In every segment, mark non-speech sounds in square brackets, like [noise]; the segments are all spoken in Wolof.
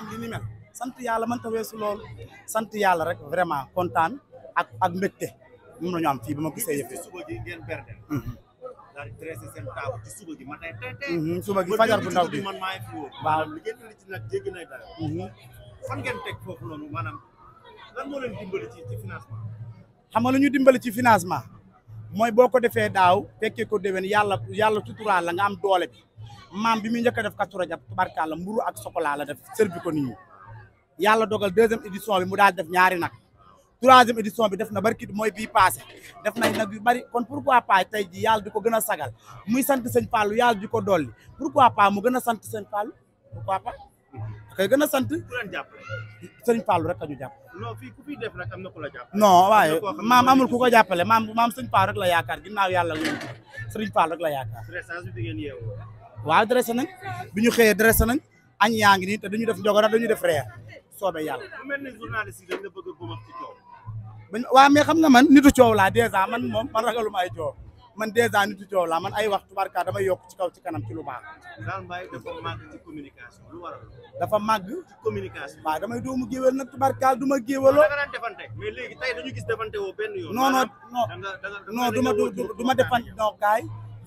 am li ni mel sant yàlla mënta weesu loolu sant yàlla rek vraiment kontaan ak ak mbégte moom la ñu am fii ba ma gisee yëpp. suba gi ngeen berde. Mhm. daal di dressé seen taabu ci suba gi matin tey mhm, suba gi fajar bu ndaw bi man maa ngi fi woo. Mhm. maanaam lan moo dimbali ci ci nga lu dimbali ci financement. mooy boo ko defee daaw fekkee ko déwén yàlla yàlla tuturaal la nga am doole bi maam bi muy njëkk a def Kazu Rajab tubarkalla mburu ak chocolat la def servi ko nit ñi yàlla dogal deuxième édition bi mu daal def ñaari nag troisième édition bi def na barki mooy bii passé def nañ nag yu bari kon pourquoi pas tey ji yàlla di ko gën a sagal muy sant sëñ Fallou yàlla di ko dolli pourquoi pas mu gën a sant sëñ Fallou pourquoi pas kay eh, gën a sant. ku leen jàppale. sëriñ Fallou rek la ñu jàpp. non fii ku fi am na ku la jàppale. non waaye maam amul ku ko jàppale maam maam sëriñ Fallou rek la yaakaar ginnaaw yàlla la sëriñ Fallou rek la yaakaar. dressage bi di ngeen yeewoo. waaw dressé nañ bi ñu xëyee dressé nañ añ yaa ngi nii te dañu def njogara dañu def reer soo yàlla. mel ni journaliste yi dañ a ci xam na man nitu coow laa dèjà man moom man ragaluma ay coow man dèjà nitu coow laa man ay wax tubaarka damay yokk ci kaw ci kanam ci lu baax. daal Mbaye dafa màgg ci communication damay doomu géwél nag tubaarka du ma géwéloo. da nga daan defante mais léegi tey dañu gis defante benn yoon. non non non du ma du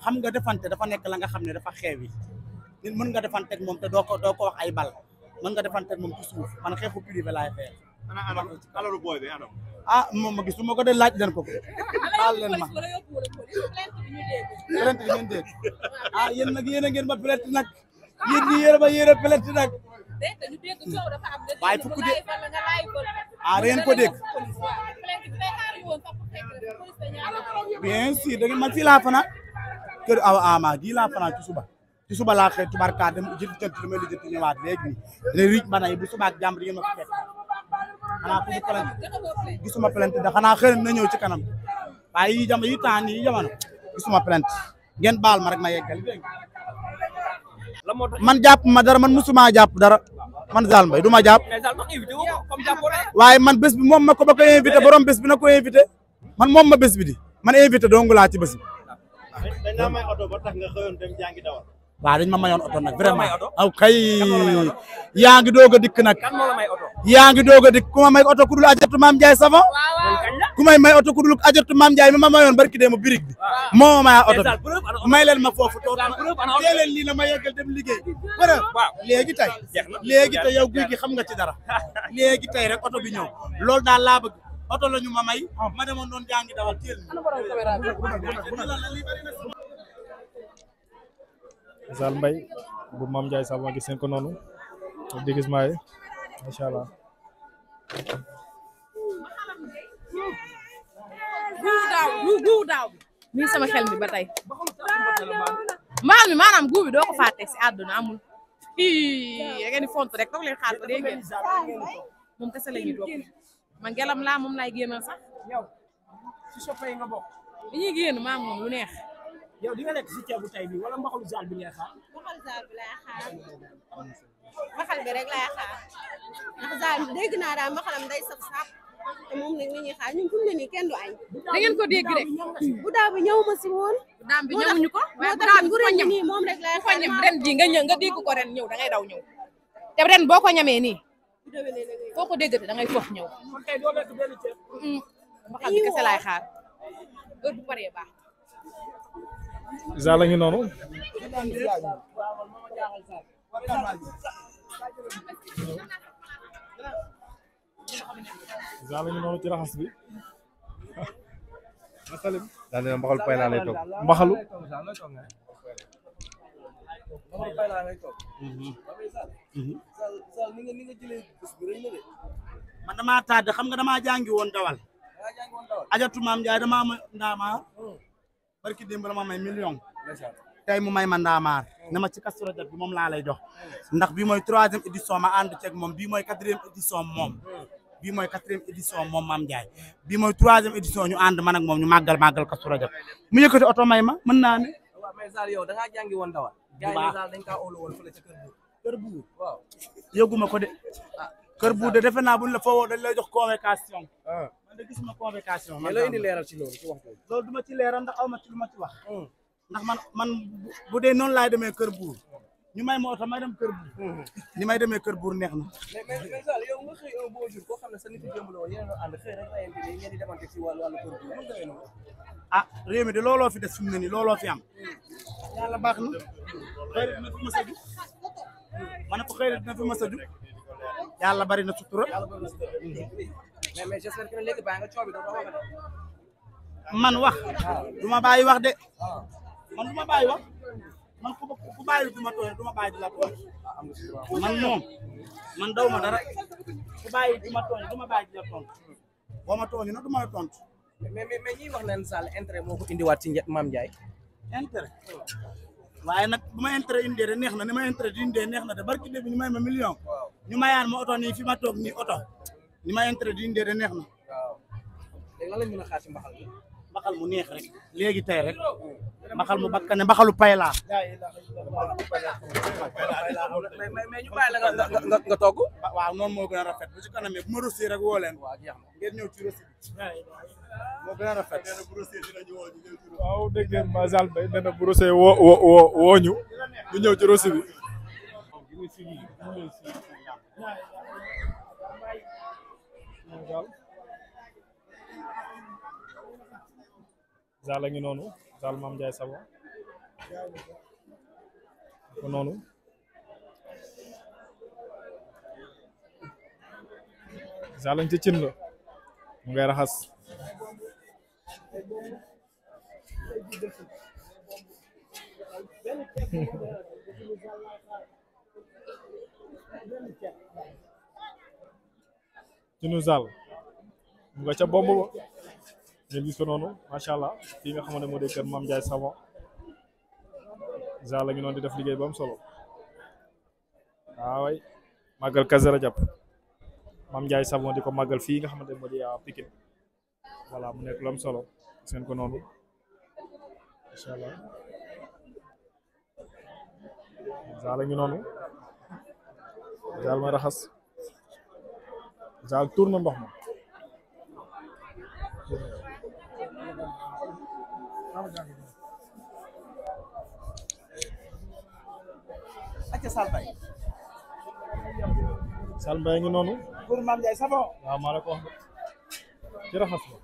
xam nga defante dafa nekk la nga xam ne dafa xeewi nit mën nga defanteeg moom te doo ko doo wax ay bal mën nga defanteek moom ci suuf man xeexu privé laay xeex. alalu booy bi gi ah moom ko de laaj leen ko ko laaj [laughs] leen ma plainte bi ngeen [laughs] ah, a ngeen ma plainte nag yéen ñi yéen a ma yéen a plainte nag waaye fukk de ah da ngeen ko dégg bien sûr da ngeen man laa fanaan kër aw ama gii laa fanaan ci suba ci suba laa xëy tubarka dem jënd jënd damay lu jënd ñëwaat léegi nii léegi man ay bu suba ak jàmm di ngeen ma xanaa ku mu plainte gisuma plainte xanaa xëy na ñëw ci kanam waaye yi jamono yi temps yi jamono gisuma plainte baal ma rek ma yeggal dégg man jàpp ma dara man musuma jàpp dara man Zal Mbaye du ma jàpp waaye man bés bi moom ma ko ba ko invité borom bés bi na ko invité man moom ma bés bi di man invité dong laa ci bés bi. dañ tax nga xëyoon dem jàngi dawal. waaw dañ ma mayoon oto nag vraiment aw kay yaa ngi doog a dikk nag yaa ngi doog a dikk ku ma may oto ku dul ajortu maam Ndiaye savon ku may may oto ku dul ajortu maam Ndiaye mi ma mayoon barki dee ma birig bi moo ma oto bi may ma foofu toog tee leen lii la ma yeggal dem liggéey bërë léegi tey léegi tey yow xam nga ci dara [laughs] léegi tey rek oto bi ñëw loolu daal laa bëgg oto la ñu ma may ah. ma demoon doon jàngi dawal teel Sall Mbaye bu Mame Ndiaye Sall ma gis seen noonu di gis maay macha allah. guu daaw mi sama xel mi ba tey maal mi maanaam guu doo ko fàtte si àdduna amul da ngeen di font rek toog leen xaar ba dégg ngeen moom kese la ñuy toog man gelam laa moom laay génnal sax yow si génn maam moom lu neex yow di nga lekk si ceebu tey bi wala mbaxalu zaal bi ngay xaar. mbaxalu zaal bi lay xaar mbaxal bi rek lay xaar ndax zaal bi dégg naa daal mbaxalam day saf saf te moom nag li ñuy xaar ñun fu mu ne nii kenn du añ. da ngeen ko dégg rek bu daaw bi ñëw ma si woon. daam bi ñëwuñu ko waaye bu daaw bi ko ñam moom rek lay xaar ren jii nga ñëw nga dégg ko ren ñëw da ngay daw ñëw te ren boo ko ñamee nii foo ko déggati da ngay foof ñëw. mbaxal bi kese laay xaar heure bu paree baax Zal a ngi noonu Zal a ngi noonu ci raxas bi [laughs] daal dina mbaxalu pay laa lay toog mbaxalu man damaa tàdd xam nga damaa jàngi woon dawal ajatu maam Njaay damaa ma ndaamaa barki démb la ma may million. tey mu may ma ndaamaar ne ma ci Kazu Rajab moom laa jox ndax bii mooy troisième édition ma ànd ceeg moom bii mooy quatrième édition moom. bii mooy quatrième mooy troisième édition ñu ànd man moom ñu màggal màggal Kazu Rajab mu yëkkati oto may ma mën naa ne. waaw mais Zal yow da ngaa jàngi woon dawal. waaw yëguma ko de. Ah. kër buur de defe naa buñ la foo woo dañ lay jox gisuma convocation. man indi leeral ci loolu ci wax du ma ci leeral ndax aw ma ci lu ma ci wax. Hmm. ndax man man bu dee noonu laay demee kër buur ñu may ma oto may dem kër buur. Hmm. ni may demee kër buur neex na. mais mais mais sa nit démb a ànd xëy rek ayante ne ngeen di demante ah réew mi de looloo fi des fi mu ne nii looloo fi am. yàlla baax na xëy na a ma ne fi mës a hmm. bari na sutura. man wax du ma bàyyi wax de ah. man du ma bàyyi wax man ku ku bàyyi du ma tooñ du ma bàyyi di la tooñ ah, man moom man daw ma dara ku bàyyi du ma tooñ du ma bàyyi di la tooñ boo ma tooñu nag du ma la tontu. mais mais mais ñiy wax naan Sall intérêt moo ko indiwaat ci Mame Ndiaye. intérêt waaye nag bu ma intérêt indee de neex na ni ma intérêt indee neex na de barki dégg ñu ma million ñu mayaan ma oto nii fi ma toog nii oto. ni ma introduire nii de neex na. a xaar mbaxal mu neex rek. léegi tey mu bakkan ne mbaxalu pay laa. ñu bàyyi la nga nga nga togg. waaw noonu moo gën a rafet bu ci kanamee bu ma leen. waaw jeex na ngeen a rafet. waaw dégg ngeen ñëw ci rosée gaal ngi noonu gaal Mame Ndiaye Savon ko noonu gaal lañ ci cin la mu raxas [laughs] Tunusal mu nga ca bomb ba ngeen gis allah fii nga xamante moo dee kër Mame Ndiaye Savon Zal la di def liggéey ba am solo waaway màggal Kazu Rajab Mame Ndiaye Savon di ko màggal fii nga xamante moo di yaa ah, Pikine voilà mu nekk lu am solo seen ko noonu macha allah ma raxas Zaa tuur na ndox ma. Sall Mbaye ngi noonu. pour Mame Ndiaye Savon. waaw ko wax ci raxas